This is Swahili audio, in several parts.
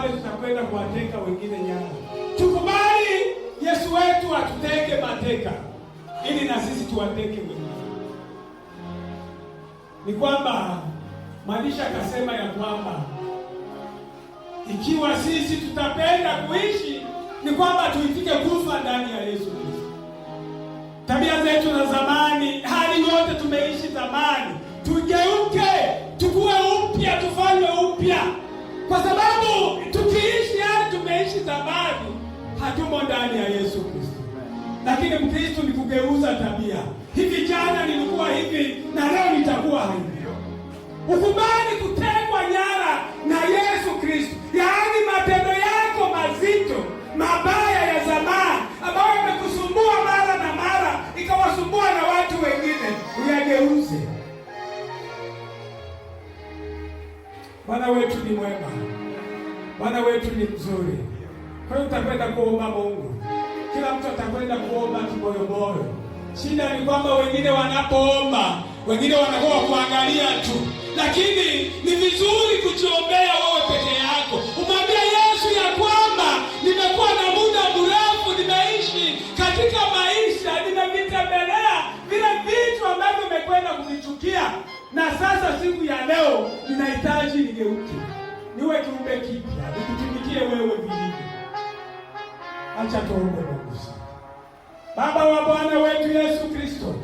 pale tutakwenda kuwateka wengine nyara. Tukubali Yesu wetu atuteke mateka ili na sisi tuwateke wengine. Ni kwamba maandishi akasema ya kwamba ikiwa sisi tutapenda kuishi ni kwamba tuitike kufa ndani ya Yesu Kristo. Tabia zetu za zamani, hali yote tumeishi zamani, tugeuke, tukue upya, tufanywe upya kwa sababu tukiishi hali tumeishi zamani, hatumo ndani ya Yesu Kristo. Lakini Mkristo ni kugeuza tabia. Hivi jana nilikuwa hivi na leo nitakuwa hivi. Ukubali kutengwa nyara na Yesu Kristo, yaani matendo yako mazito mabaya ya zamani ambayo yamekusumbua mara na mara, ikawasumbua na watu wengine, uyageuze. Bwana wetu ni mwema, Bwana wetu ni mzuri. Kwa hiyo utakwenda kuomba Mungu, kila mtu atakwenda kuomba kiboyoboyo. Shida ni kwamba wengine wanapoomba, wengine wanakuwa kuangalia tu, lakini ni vizuri kujiombea Na sasa siku ya leo ninahitaji nigeuke, niwe kiumbe kipya, nikutumikie wewe vilivyo. Acha tuombe. Mungu Baba wa Bwana wetu Yesu Kristo,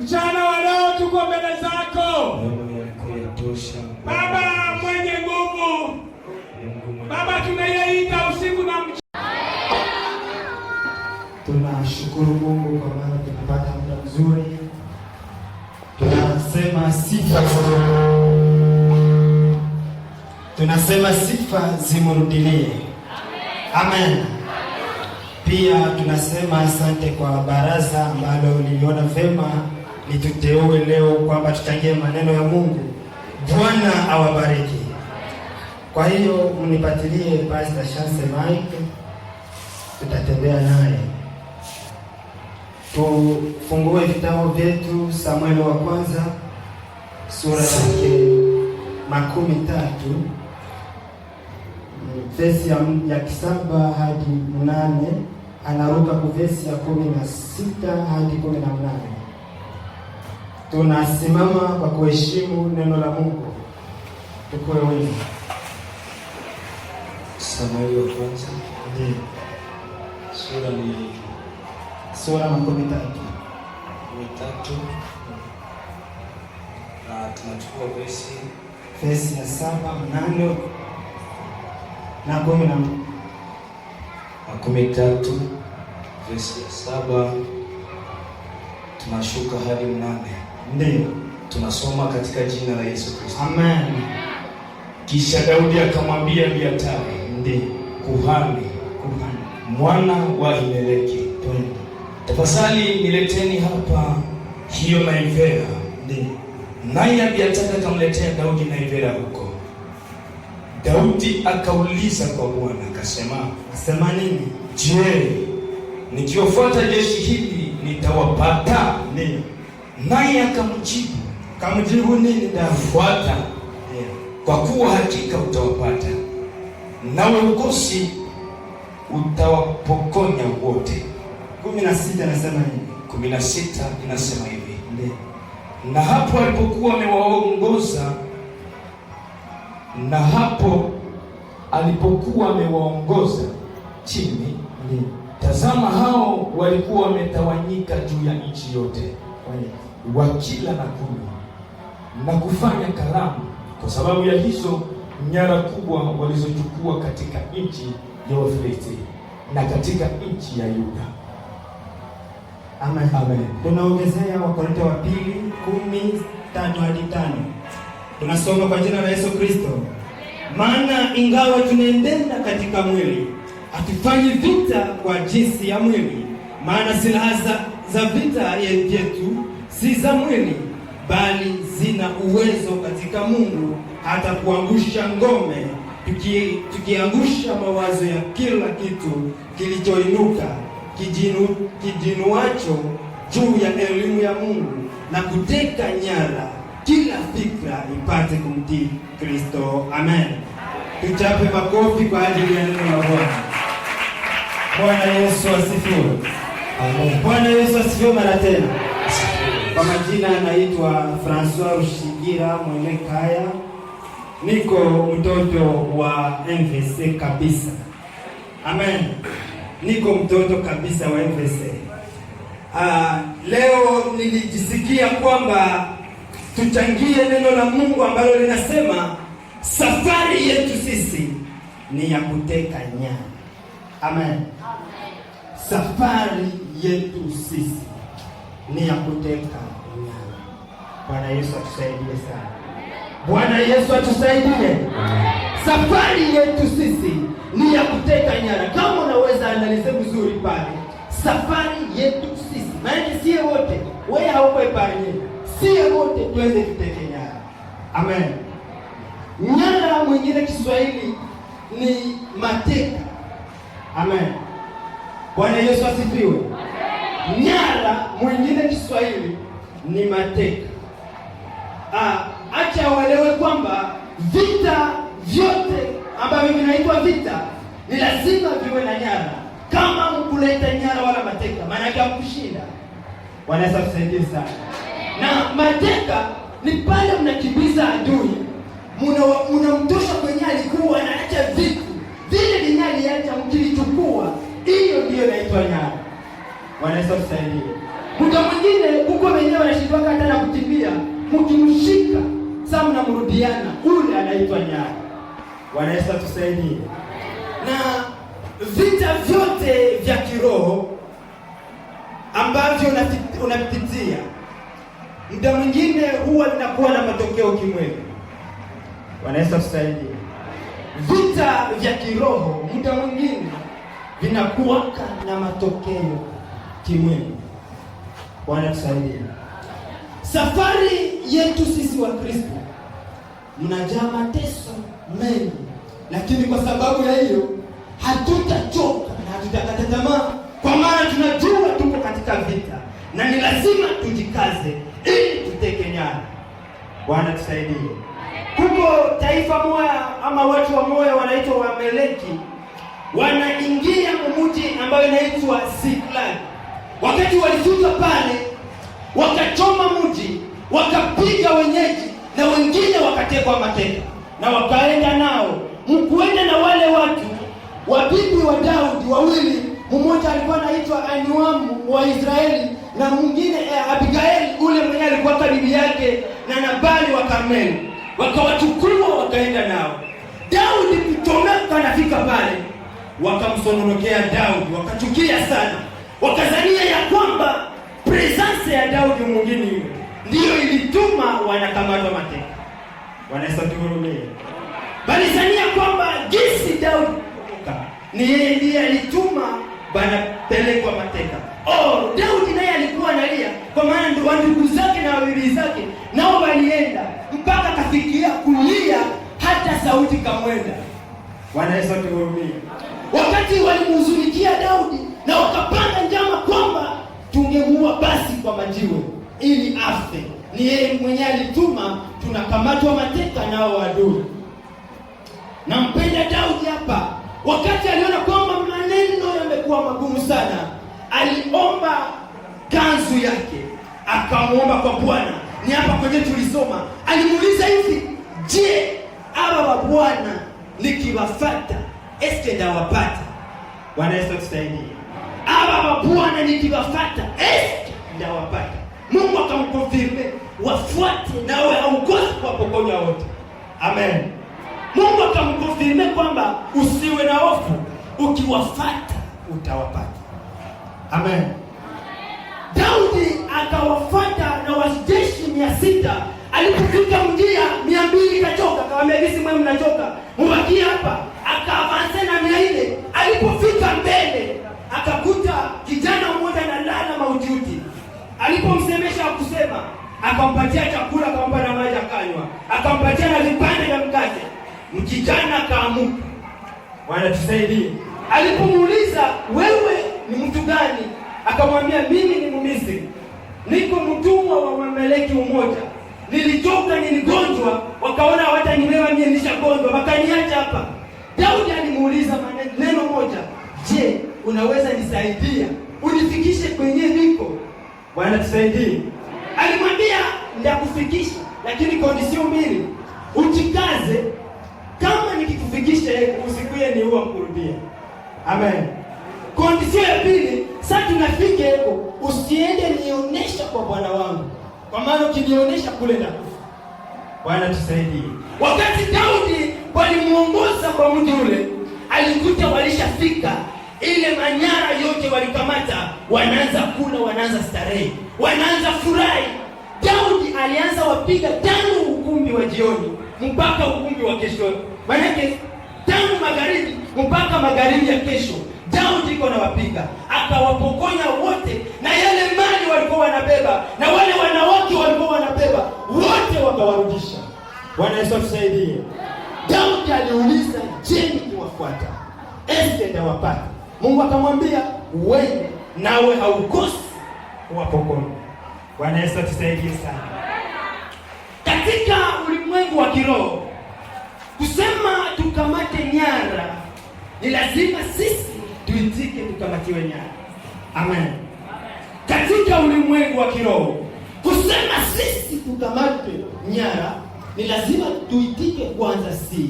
mchana wa leo tuko mbele zako Baba mwenye nguvu, Baba tunayeita usiku na mchana. Tunashukuru Mungu kwa maana tumepata muda mzuri tunasema sifa, tunasema sifa zimurudilie. Amen. Amen. Pia tunasema asante kwa baraza ambalo liliona vema lituteue leo kwamba tuchangie maneno ya Mungu. Bwana awabariki. Kwa hiyo mnipatilie Pastor Chance Mike, tutatembea naye. Tufungue vitabu vyetu Samueli wa kwanza sura yake makumi tatu vesi ya, ya kisaba hadi mnane anaruka kuvesi ya kumi na sita hadi kumi na mnane. Tunasimama kwa kuheshimu neno la Mungu, tukoe wengi. Samueli wa kwanza ndiyo sura ni sura makumi mitatu mitatu na tunachukua vesi vesi ya saba mnane na kumi na makumi tatu vesi ya saba tunashuka hadi mnane. Ndiyo, tunasoma katika jina la Yesu Kristo, amen. Kisha Daudi akamwambia Abiathari, ndiyo kuhani, kuhani mwana wa Himeleki tafadhali nileteni hapa hiyo naivera. Naye aliyataka akamletea Daudi naivera huko. Daudi akauliza kwa Bwana akasema, sema nini? Je, nikiwafuata jeshi hili nitawapata? Nini? Naye akamjibu kamjibu nini? Dafuata, kwa kuwa hakika utawapata, nawe ukosi utawapokonya wote kumi na sita hivi, kumi na sita inasema hivi Nde. na hapo alipokuwa amewaongoza na hapo alipokuwa amewaongoza chini ni tazama hao walikuwa wametawanyika juu ya nchi yote wakila na kunywa na kufanya karamu kwa sababu ya hizo nyara kubwa walizochukua katika nchi ya Wafilisti na katika nchi ya Yuda. Amen. Amen. Tunaongezea Wakorintho wa pili kumi tano hadi tano. Tunasoma kwa jina la Yesu Kristo. Maana ingawa tunaendenda katika mwili, hatufanyi vita kwa jinsi ya mwili. Maana silaha za vita yetu si za mwili, bali zina uwezo katika Mungu hata kuangusha ngome, tukiangusha mawazo ya kila kitu kilichoinuka kijinu kijinuacho juu ya elimu ya Mungu na kuteka nyara kila fikra ipate kumtii Kristo. Amen. Tuchape makofi kwa ajili ya neno la Bwana. Bwana Yesu asifiwe. Amen. Bwana Yesu asifiwe mara tena. Kwa majina anaitwa Francois Rushigira kaya niko mtoto wa MVC kabisa. Amen niko mtoto kabisa wa FSA. Ah, leo nilijisikia kwamba tuchangie neno la Mungu ambalo linasema safari yetu sisi ni ya kuteka nyara. Amen. Amen. Safari yetu sisi ni ya kuteka nyara. Bwana Yesu atusaidie sana. Bwana Yesu atusaidie. Safari yetu sisi ni ya kuteka nyara. Kama unaweza analize vizuri pale, safari yetu sisi, maana sie wote, wewe hauko pale, sie wote tuweze kuteka nyara. Amen. Nyara mwingine Kiswahili ni mateka. Amen. Bwana Yesu asifiwe. Nyara mwingine Kiswahili ni mateka. Ah, acha waelewe kwamba vita vyote ambavyo vinaitwa vita ni lazima viwe na nyara. Kama mkuleta nyara wala mateka, maana yake hamkushinda. Wanaweza kusaidia sana na mateka ni pale mnakimbiza adui, mnamtosha kwenye alikuwa anaacha vitu vile vyenye aliacha, mkilichukua, hiyo ndiyo inaitwa nyara. Wanaweza kusaidia. Mtu mwingine huko wenyewe anashindwa hata na kukimbia, mkimshika sasa mnamrudiana, ule anaitwa nyara. Bwana Yesu atusaidie. Na vita vyote vya kiroho ambavyo unapitia muda mwingine huwa linakuwa na matokeo kimwili. Bwana Yesu atusaidie. Vita vya kiroho muda mwingine vinakuwa na matokeo kimwili. Bwana atusaidie. Safari yetu sisi wa Kristo mnajaa mateso mengi, lakini kwa sababu ya hiyo hatutachoka na hatutakata tamaa, kwa maana tunajua tuko katika vita na ni lazima tujikaze ili tuteke nyara. Bwana tusaidie. Kuko taifa moya ama watu wa moya wanaitwa Wameleki, wanaingia mumuji ambayo inaitwa Siklag. Wakati walifika pale, wakachoma mji, wakapiga wenyeji na wengine wakatekwa mateka na wakaenda nao. Mkuende na wale watu wabibi wa Daudi wawili, mmoja alikuwa anaitwa anuamu wa Israeli na mwingine eh, ule mwenye alikuwa bibi yake na Nabali wa Karmeli, wakawachukua wakaenda nao. Daudi kutomeka anafika pale, wakamsononokea Daudi, wakachukia sana, wakazania ya kwamba presence ya Daudi mwingine ndiyo ilituma wanakamatwa mateka. wanaweza Yesu atuhurumie. kwamba jinsi Daudi ni yeye ndiye alituma wanapelekwa mateka. Oh, Daudi naye alikuwa analia kwa maana ndio ndugu zake na wabibi zake nao walienda mpaka kafikia kulia hata sauti kamwenda. wanaweza Yesu Wakati walimhuzunikia Daudi na wakapanga njama kwamba tungemuua basi kwa majiwe ili afe. Ni yeye mwenyewe alituma, tunakamatwa mateka nao wadui. Nampenda Daudi hapa, wakati aliona kwamba maneno yamekuwa magumu sana, aliomba kanzu yake, akamwomba kwa Bwana. Ni hapa kwenye tulisoma, alimuuliza hivi, je, hawa wa Bwana nikiwafata eske ndawapata? Bwana Yesu atusaidie. Hawa wa Bwana nikiwafata eske ndawapata? Mungu akamkufirme wafuate nawe haukosi kuwapokonya wote. Amen. Mungu akamkufirme kwamba usiwe na hofu, ukiwafata utawapata. Amen. Daudi akawafata na wajeshi mia sita alipofika mjia mia mbili kachoka, akawaambia hivi, mwe mnachoka, mubakie hapa. Akavanse na mia ile alipofika mbele akampatia chakula, akampa na maji akanywa, akampatia na vipande vya mkate. Mkijana kaamuka, Bwana tusaidie. Alipomuuliza, wewe ni mtu gani? Akamwambia, mimi ni Mmisri, niko mtumwa wa Mwamaleki mmoja. Nilitoka niligonjwa, wakaona hawatanilewa mimi nishagonjwa, wakaniacha hapa. Daudi alimuuliza neno moja, je, unaweza nisaidia unifikishe kwenye niko? Bwana tusaidie kukufikisha, lakini condition mbili, uchikaze. Kama nikikufikisha usikuye ni huwa mkurudia. Amen. Condition ya pili, saa tunafike huko, usiende nionyesha kwa bwana wangu, kwa maana ukinionyesha kule na kufa. Bwana tusaidie. Wakati Daudi walimuongoza kwa mji ule, alikuta walishafika ile manyara yote walikamata, wanaanza kula, wanaanza starehe, wanaanza furahi Daudi alianza wapiga tangu ukumbi wa jioni mpaka ukumbi wa kesho, maanake tangu magharibi mpaka magharibi ya kesho, Daudi iko na wapiga, akawapokonya wote na yale mali walikuwa wanabeba na wale wanawake walikuwa wanabeba wote, wakawarudisha. Bwana Yesu atusaidie. Daudi aliuliza, je, nikiwafuata ese ndawapata? Mungu akamwambia, wewe nawe haukosi kuwapokonya Bwana Yesu atusaidie sana. Katika ulimwengu wa kiroho, kusema tukamate nyara, ni lazima sisi tuitike tukamatiwe nyara. Amen, amen. Katika ulimwengu wa kiroho, kusema sisi tukamate nyara, ni lazima tuitike kwanza sie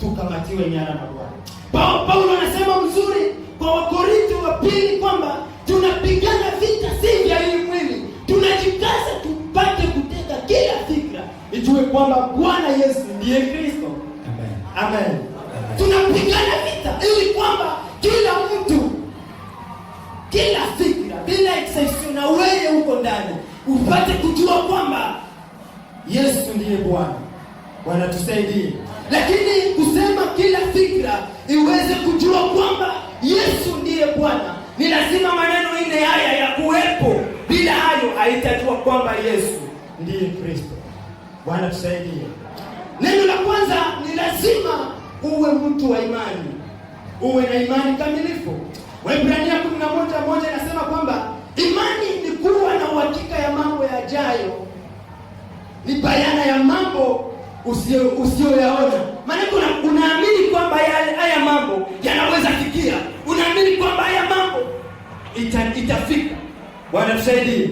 tukamatiwe nyara na Bwana. Paulo Paulo anasema mzuri kwa Wakorinto wa pili kwamba tunapigana vita si vya hii mwili tunajikaza tupate kuteka kila fikra ijue kwamba Bwana Yesu ndiye Kristo. Amen. Amen. Amen. Tunapigana vita ili kwamba kila mtu, kila fikra bila exception, na wewe huko ndani upate kujua kwamba Yesu ndiye Bwana. Bwana tusaidie, lakini kusema kila fikra iweze kujua kwamba Yesu ndiye Bwana, ni lazima maneno ine haya ya kuwepo bila hayo haitajua kwamba Yesu ndiye Kristo. Bwana tusaidie. Neno la kwanza ni lazima uwe mtu wa imani, uwe na imani kamilifu. Waebrania 11:1 inasema kwamba imani ni kuwa na uhakika ya mambo yajayo, ni bayana ya mambo usiyoyaona. Maanake unaamini kwamba haya mambo yanaweza fikia, unaamini kwamba haya mambo ita, itafika Bwana tusaidie.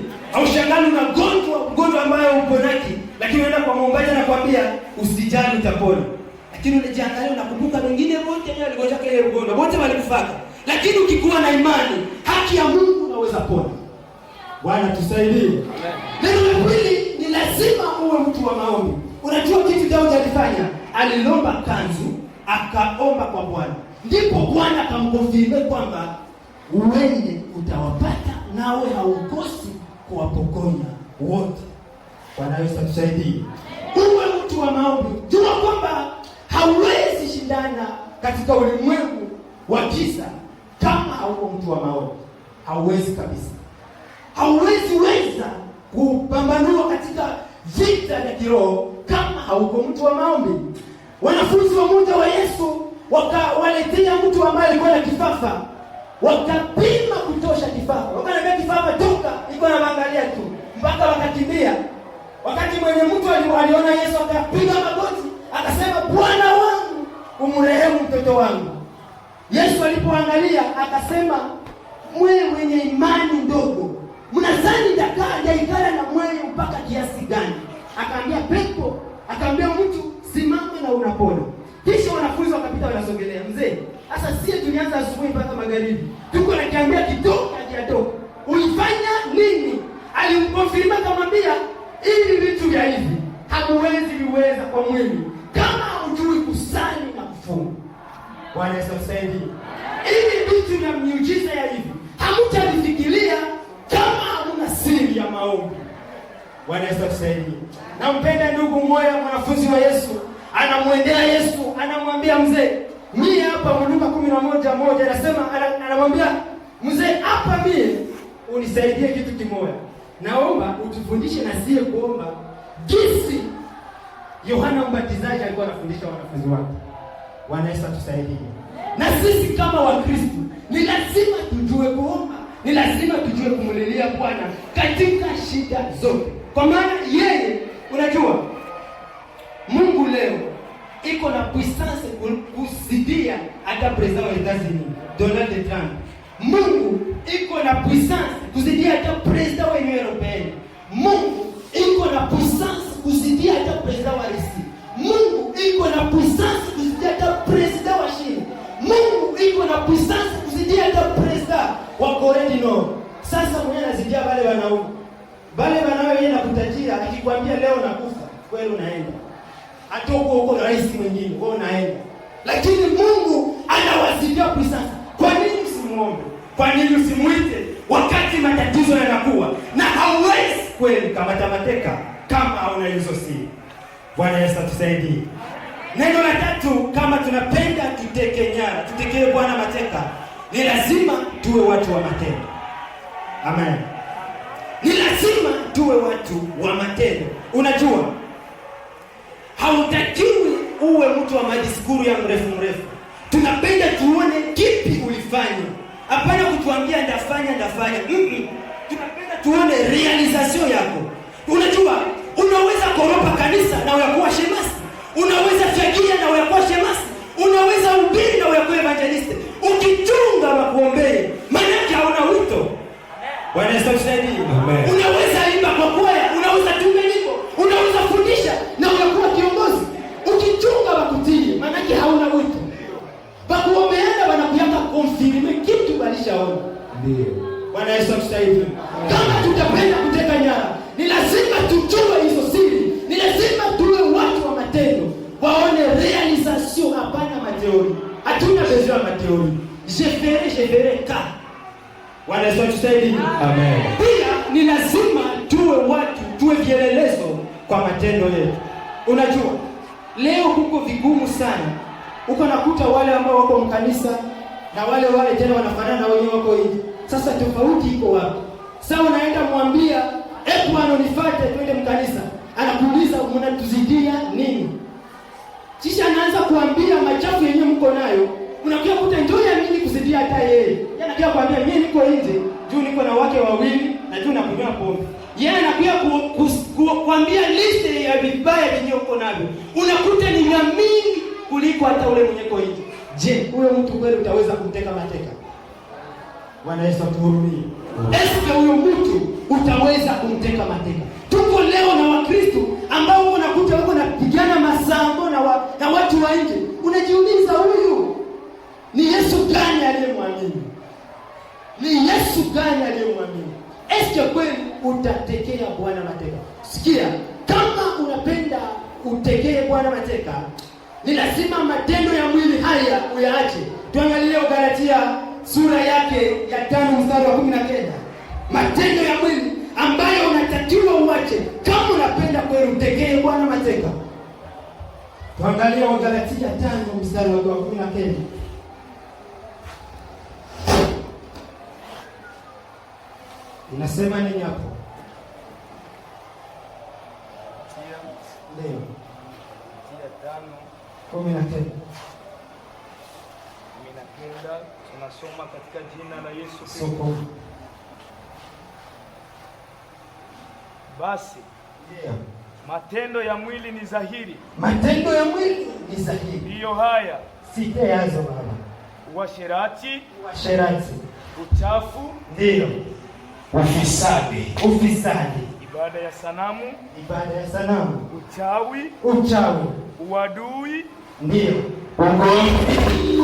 na gonjwa, gonjwa ambayo uko naki, lakini unaenda kwa muombaji kwambia usijali utapona. Lakini unajiangalia unakumbuka wengine wote wao waligonjwa ile ugonjwa, wote walikufaka. Lakini ukikuwa na imani, haki ya Mungu unaweza pona. Bwana tusaidie. Neno la pili ni lazima uwe mtu wa maombi. Unajua kitu Daudi alifanya? Alilomba kanzu, akaomba kwa Bwana. Ndipo Bwana akamkonfirmia kwamba uende utawapata nawe haukosi kuwapokonya wote. Bwana Yesu atusaidie, uwe mtu wa maombi. Jua kwamba hauwezi shindana katika ulimwengu wa giza kama hauko mtu wa maombi, hauwezi kabisa, hauwezi weza kupambanua katika vita vya kiroho kama hauko mtu wa maombi. Wanafunzi wa muda wa Yesu wakawaletea mtu ambaye alikuwa na kifafa wakapima kutosha kifafa, wakanaambia kifafa toka, iko naangalia tu mpaka wakakimbia. Wakati mwenye mtu aliona Yesu akapiga magoti akasema, Bwana wangu umrehemu mtoto wangu. Yesu alipoangalia akasema, mwe mwenye imani ndogo, mnazani jaikala na mwenye mpaka kiasi gani? Akaambia pepo, akaambia mtu simama na unapona. Kisha wanafunzi wakapita, wanasogelea mzee sasa sisi tulianza asubuhi mpaka magharibi, tuko kiambia kitu hajatoka. Ulifanya nini? Alimkonfirma kamwambia, ili vitu vya hivi hamuwezi viweza kwa mwili kama hujui kusali na kufunga. Bwana Yesu asaidie. Ili vitu vya miujiza ya hivi hamtavifikiria kama hamuna siri ya maombi. Bwana Yesu asaidie. Nampenda ndugu mmoja mwanafunzi wa Yesu, anamwendea Yesu, anamwambia mzee mie hapa Mluka kumi na moja moja anasema anamwambia mzee, hapa mie unisaidie kitu kimoja, naomba utufundishe na sie kuomba jinsi Yohana Mbatizaji alikuwa anafundisha wanafunzi wake. Bwana Yesu atusaidie. Na sisi kama Wakristo ni lazima tujue kuomba, ni lazima tujue kumlilia Bwana katika shida zote, kwa maana yeye, unajua Mungu leo iko na puissance kuzidia hata president wa Etats-Unis Donald Trump. Mungu iko na puissance kuzidia hata president wa Union Europeenne. Mungu iko na puissance kuzidia hata president wa Russia. Mungu iko na puissance kuzidia hata president wa China. Mungu iko na puissance kuzidia hata president wa Korea du Nord. Sasa mwenye anazidia wale wanaume. Wale wanaume yeye nakutajia akikwambia leo nakufa, kweli unaenda hata huko huko na rais mwingine wao naenda, lakini Mungu anawazidia kwa sasa. Kwa nini usimuombe? Kwa nini usimuite wakati matatizo yanakuwa na hauwezi kweli kamata mateka kama hauna hizo siri? Bwana Yesu atusaidie. Neno la tatu, kama tunapenda tuteke nyara, tutekee Bwana mateka, ni lazima tuwe watu wa matendo. Amen, ni lazima tuwe watu wa matendo. Unajua hautakiwi uwe mtu wa majisikuru ya mrefu mrefu. Tunapenda tuone kipi ulifanya, hapana kutuambia ndafanya ndafanya. mm -mm. Tunapenda tuone realization yako. Unajua, unaweza koropa kanisa na uyakuwa shemasi, unaweza fyagia na uyakuwa shemasi, unaweza ubiri na uyakuwa evangeliste ukichunga makuombee, maana yake hauna wito. Bwana Yesu tusaidie. Unaweza imba kwa kwaya, unaweza tunga nyimbo, unaweza fundisha na uyakuwa Amen. Amen. Pia ni lazima tuwe watu, tuwe vielelezo kwa matendo yetu. Unajua leo huko vigumu sana, uko nakuta wale ambao wako mkanisa na wale wale tena wanafanana na wako hivi. Sasa tofauti iko wapi? Sasa unaenda mwambia hebu eh, bwana twende mkanisa, anakuuliza mnatuzidia nini? Kisha anaanza kuambia machafu yenyewe mko nayo, unakuja kuta ndio ya kuzidia hata yeye. Yanakuja kuambia mimi niko nje juu niko na wake wawili na juu nakunywa pombe. Yeye anakuja kukwambia list ya vibaya vyenye uko navyo, unakuta ni na mingi kuliko hata ule mwenye ko nje. Je, huyo mtu kweli utaweza kumteka mateka? Bwana Yesu atuhurumie. Mm. Eske huyo mtu utaweza kumteka mateka? Tuko leo na Wakristo ambao unakuta huko napigana masambo na, wa, na watu wa nje. Unajiuliza, huyu ni Yesu gani aliyemwamini? ni Yesu gani aliyemwamini? Eske kweli utatekea Bwana mateka? Sikia, kama unapenda utekee Bwana mateka, ni lazima matendo ya mwili haya uyaache. Tuangalie Galatia sura yake ya tano mstari wa kumi na kenda matendo ya mwili ambayo unatakiwa uache kama unapenda kweli utekee Bwana mateka. Tuangalie Galatia tano mstari wa kumi na kenda Nasema nini hapo? Leo kumi na kenda tunasoma katika jina la Yesu Kristo. Basi yeah. Matendo ya mwili ni dhahiri, matendo ya mwili ni dhahiri, ndiyo haya sitayazo: uasherati, uchafu, ndiyo ufisadi, ufisadi, ibada ya sanamu, ibada ya sanamu, uchawi, uchawi, uadui, ndio ugomvi,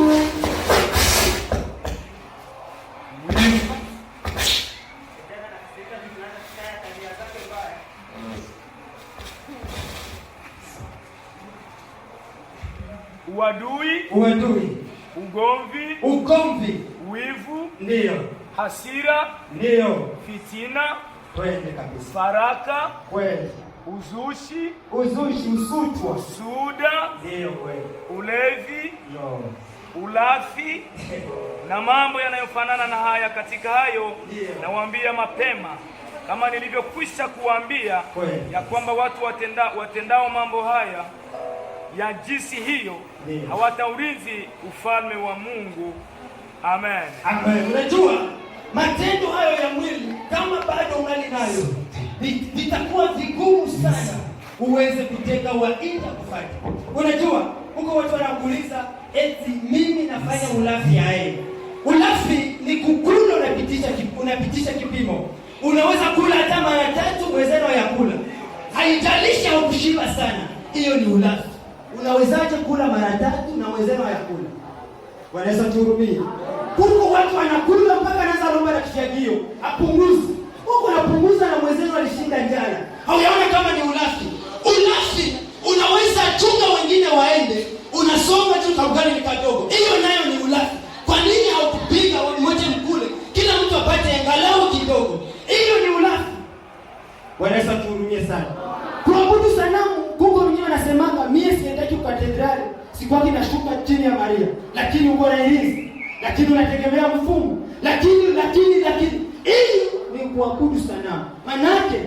uadui, uadui, ugomvi, ugomvi, wivu, ndio hasira ndio, fitina kweli kabisa, faraka kweli, uzushi uzushi, msutwa, suda ndio kweli, ulevi ndio, ulafi na mambo yanayofanana na haya. Katika hayo nawaambia mapema kama nilivyokwisha kuwaambia ya kwamba watu watenda, watendao mambo haya ya jinsi hiyo hawataurithi ufalme wa Mungu. Amen, amen. Unajua matendo hayo ya mwili kama bado unali nayo, vitakuwa vigumu sana uweze kuteka waita kufanya. Unajua, huko watu wanakuuliza eti mimi nafanya ulafi aye. Ulafi ni kukula, unapitisha unapitisha kipimo. Unaweza kula hata mara tatu uwezano ya kula, haijalishi au kushiba sana, hiyo ni ulafi. Unawezaje kula mara tatu na uwezano ya kula wanaweza Yesu Huko watu wanakula mpaka anaanza lomba la kishagio, Apunguze. Huko anapunguza na mwenzenu alishinda njala Hauyaona kama ni ulafi? Ulafi unaweza chunga wengine waende, unasoma tu kaugani ni kadogo. Hiyo nayo ni ulafi. Kwa nini haukupiga wote mkule? Kila mtu apate angalau kidogo. Hiyo ni ulafi. wanaweza tuhurumie sana. Kuabudu sanamu, kuko mwenyewe anasemanga, mimi siendaki kwa katedrali sikwaki nashuka chini ya Maria, lakini uko hizi, lakini unategemea mfumo, lakini lakini lakini hii ni kuabudu sanamu, manake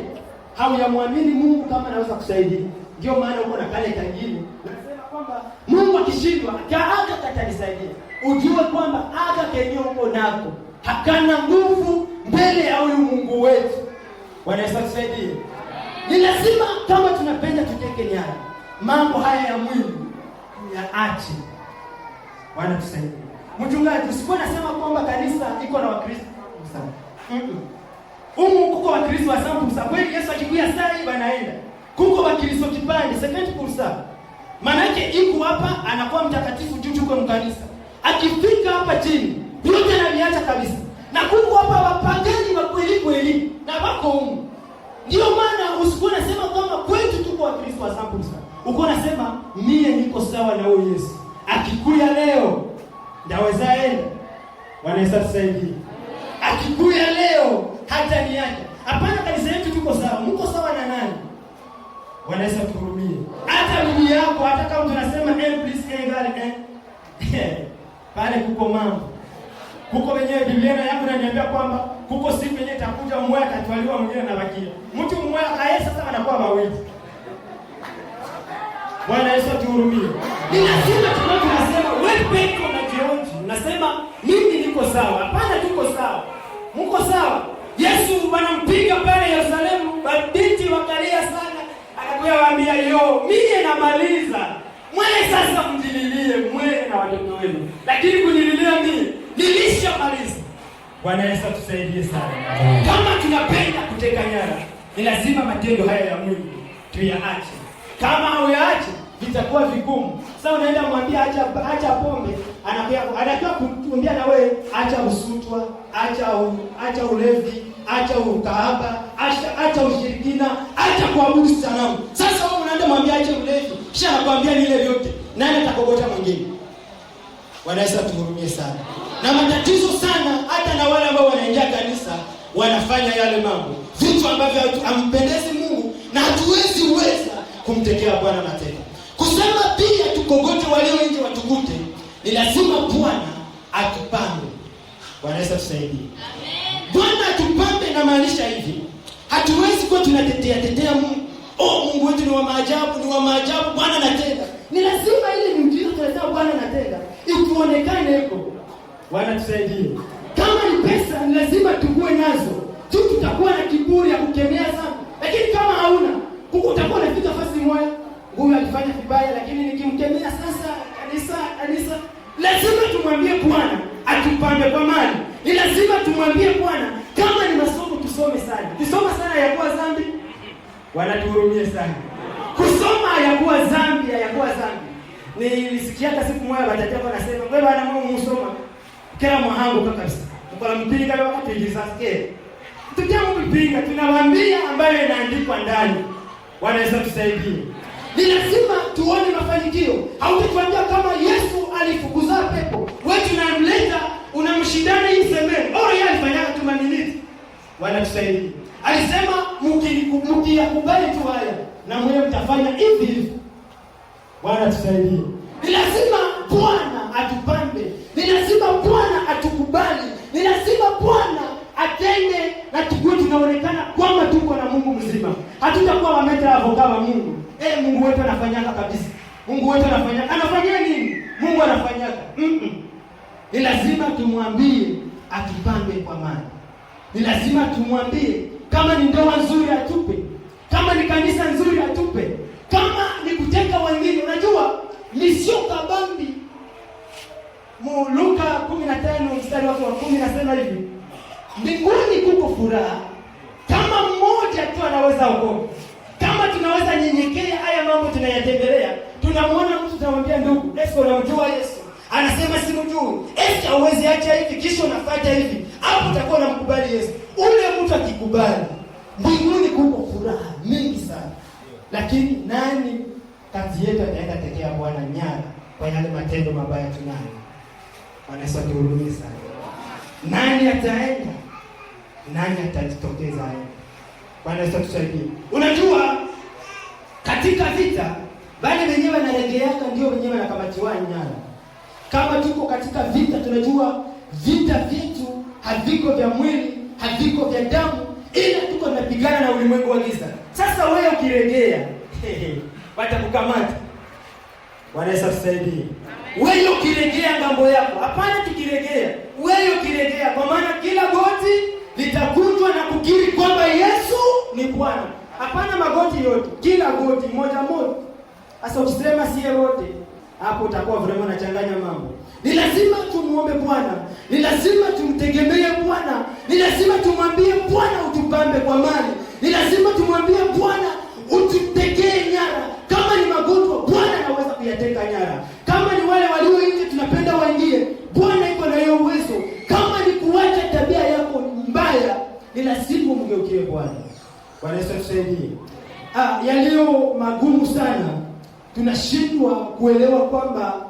hauyamwamini Mungu kama anaweza kusaidia. Ndio maana uko na kale kangine nasema kwamba Mungu akishindwa ataaga katanisaidia. Ujue kwamba aga kenye uko nako hakana nguvu mbele ya huyu Mungu wetu. Wanaweza kusaidia, ni lazima kama tunapenda tuteke nyara mambo haya ya mwili ya tuyaache. Bwana tusaidie. Mchungaji, usikuwa nasema kwamba kanisa iko na Wakristo sana. Mm. Umu kuko Wakristo wa sampu Kweli Yesu akikuya saa hii banaenda. Kuko Wakristo kipande sekenti kursa. Maana yake iko hapa anakuwa mtakatifu juu juu kwa mkanisa. Akifika hapa chini, yote anaviacha kabisa. Na kuko hapa wapagani wa kweli kweli na wako umu. Ndio maana usikuwa nasema kwamba kwetu tuko Wakristo wa sampu sana uko nasema mie niko sawa na huyu Yesu, akikuya leo ndaweza enda. Bwana Yesu atusaidie. Akikuya leo hata niache. Hapana, kanisa yetu tuko sawa. Mko sawa na nani? Bwana Yesu atuhurumie. Hata mimi yako, hata kama tunasema eh, please eh, gari eh pale kuko mambo kuko wenyewe. Biblia yangu inaniambia kwamba kuko siku yenyewe takuja mmoja atatwaliwa, mwingine na bakia Mtu mmoja aye, sasa anakuwa mawili Bwana Yesu atuhurumie. Ni lazima tuna tunasema wewe peke na kionji Unasema mimi niko sawa. Hapana, tuko sawa. Mko sawa. Yesu wanampiga pale Yerusalemu, baditi wakalia sana. Anakuja waambia, "Yo, mimi namaliza. Mwele sasa mjililie, mwele na watoto wenu." Lakini kunililia mimi, nilishamaliza. Bwana Yesu atusaidie sana. Kama tunapenda kuteka nyara, ni lazima matendo haya ya Mungu tuyaache. Kama hauachi vitakuwa vigumu. Sasa unaenda mwambia acha acha pombe, anakuja anakuja kutumbia na wewe acha usutwa, acha u, acha ulevi, acha ukahaba, acha acha ushirikina, acha kuabudu sanamu. Sasa wewe unaenda mwambia acha ulevi, kisha anakuambia ni ile yote. Nani atakogota mwingine? Wanaweza tuhurumie sana. Na matatizo sana hata na wale ambao wanaingia kanisa wanafanya yale mambo. Vitu ambavyo hampendezi Mungu na hatuwezi uwezi kumtekea Bwana mateka. Kusema pia tukogote walio nje watukute, ni lazima Bwana atupambe. Bwana Yesu atusaidie. Amen. Bwana atupambe inamaanisha hivi, hatuwezi kuwa tunatetea tetea Mungu. Oh, Mungu wetu ni wa maajabu, ni wa maajabu, Bwana anatenda. Ni lazima ile miujiza tunasema Bwana anatenda ikuonekane huko Bwana tusaidie. Kama ni pesa, ni lazima tukue nazo tu, tutakuwa na kiburi ya kukemea sana, lakini kama hauna huko utakuwa unafika fasi moja, huyu alifanya vibaya, lakini nikimkemea sasa, kanisa kanisa, lazima tumwambie Bwana atupambe kwa mali. Ni lazima tumwambie Bwana kama ni masomo tusome sana. tusoma sana ya kuwa zambi, Wanatuhurumie sana. Kusoma ya kuwa hayakuwa ya kuwa zambi. Nilisikia hata siku moja batatia kwa nasema, "Wewe bwana mwangu musoma kila mwahangu kwa kabisa." Mkola mpinga wakati ilizasikia. Tukiamu mpinga tunawaambia ambayo inaandikwa ndani wanaweza tusaidie Ni lazima tuone mafanikio. Hautatuambia kama Yesu alifukuza pepo, wewe tunamleta unamshindana hii semeni. Oh, yeye alifanya tumanini. Bwana Alisema mkiyakubali tu haya na mwenye mtafanya hivi hivi. Bwana tusaidie. Ni lazima Bwana atupambe. Ni lazima Bwana atukubali. Ni lazima Bwana atende na tukuwe tunaonekana kwamba tuko na Mungu mzima, hatutakuwa wameta avoka wa Mungu. Eh, Mungu wetu anafanyaka kabisa, Mungu wetu anafanya anafanya nini? Mungu anafanyaka mm -mm. Ni lazima tumwambie atupambe kwa maji, ni lazima tumwambie kama ni ndoa nzuri atupe, kama ni kanisa nzuri atupe, kama ni kuteka wengine. Unajua ni sio kabambi Luka 15 mstari wake wa 10 nasema hivi Mbinguni kuko furaha kama mmoja tu anaweza okoka, kama tunaweza nyenyekea. Haya mambo tunayatembelea, tunamwona mtu, tunamwambia ndugu, Yesu unamjua Yesu? Anasema simjui. Eti hauwezi acha hivi, kisha unafuata hivi, hapo utakuwa unamkubali Yesu. Ule mtu akikubali, mbinguni kuko furaha mingi sana, lakini nani kazi yetu ataenda tekea Bwana nyara kwa yale matendo mabaya tunayo? Bwana Yesu sana. Nani ataenda nani atajitokeza? Eh? Bwana Yesu tusaidie. Unajua katika vita wale wenyewe wanalengeaka ndio wenyewe wanakamatiwa nyara. Kama tuko katika vita, tunajua vita vyetu haviko vya mwili, haviko vya damu, ila tuko tunapigana na ulimwengu wa giza. Sasa wewe ukiregea watakukamata. Bwana Yesu tusaidie. Wewe ukiregea ngambo yako, hapana, tukiregea wewe ukiregea, kwa maana kila goti litakunjwa na kukiri kwamba Yesu ni Bwana. Hapana magoti yote, kila goti moja moja. Sasa ukisema siye wote, hapo utakuwa vrema unachanganya mambo. Ni lazima tumuombe Bwana, ni lazima tumtegemee Bwana, ni lazima tumwambie Bwana utupambe kwa mali, ni lazima tumwambie Bwana ututekee nyara. Kama ni magoti, Bwana anaweza kuyateka nyara. Kama ni wale walio Bwana Yesu tusaidie. Ah, yaliyo magumu sana tunashindwa kuelewa kwamba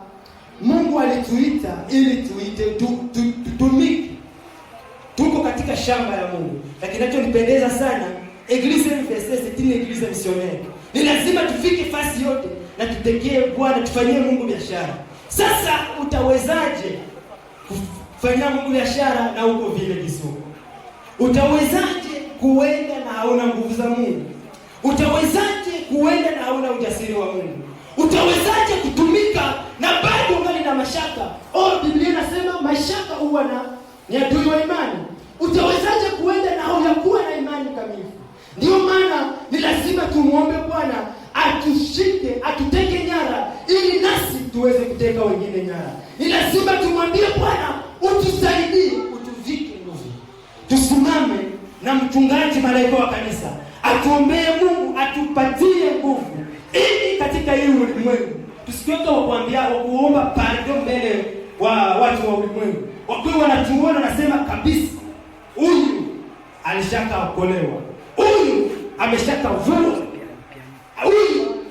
Mungu alituita ili tuite tutumike tu, tu, tuko katika shamba ya Mungu, na kinachonipendeza sana Eglise Universelle ni eglise missionnaire. Ni lazima tufike fasi yote na tutekee Bwana, tufanyie Mungu biashara. Sasa utawezaje kufanyia Mungu biashara na uko vile Kisumu? Utawezaje kuenda na hauna nguvu za Mungu? Utawezaje kuenda na hauna ujasiri wa Mungu? Utawezaje kutumika na bado ungali na mashaka? Oh, Biblia inasema mashaka huwa na ni adui wa imani. Utawezaje kuenda na kuwa na imani kamili? ndio maana ni lazima tumuombe Bwana atushike, atuteke nyara ili nasi tuweze kuteka wengine nyara. Ni lazima tu mchungaji, malaika wa kanisa, atuombee Mungu atupatie nguvu, ili katika hii ulimwengu tusikiweka wakuambia wakuomba pardon mbele wa watu wa ulimwengu, wakiwa wanatuona nasema kabisa, huyu alishakaokolewa, huyu ameshaka ameshakavua, huyu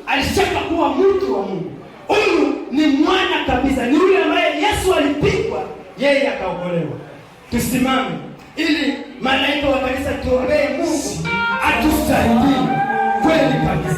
kuwa mtu wa Mungu, huyu ni mwana kabisa, ni yule ambaye Yesu alipigwa yeye akaokolewa. Tusimame ili malaika wa kanisa tuombee Mungu atusaidie kweli kabisa.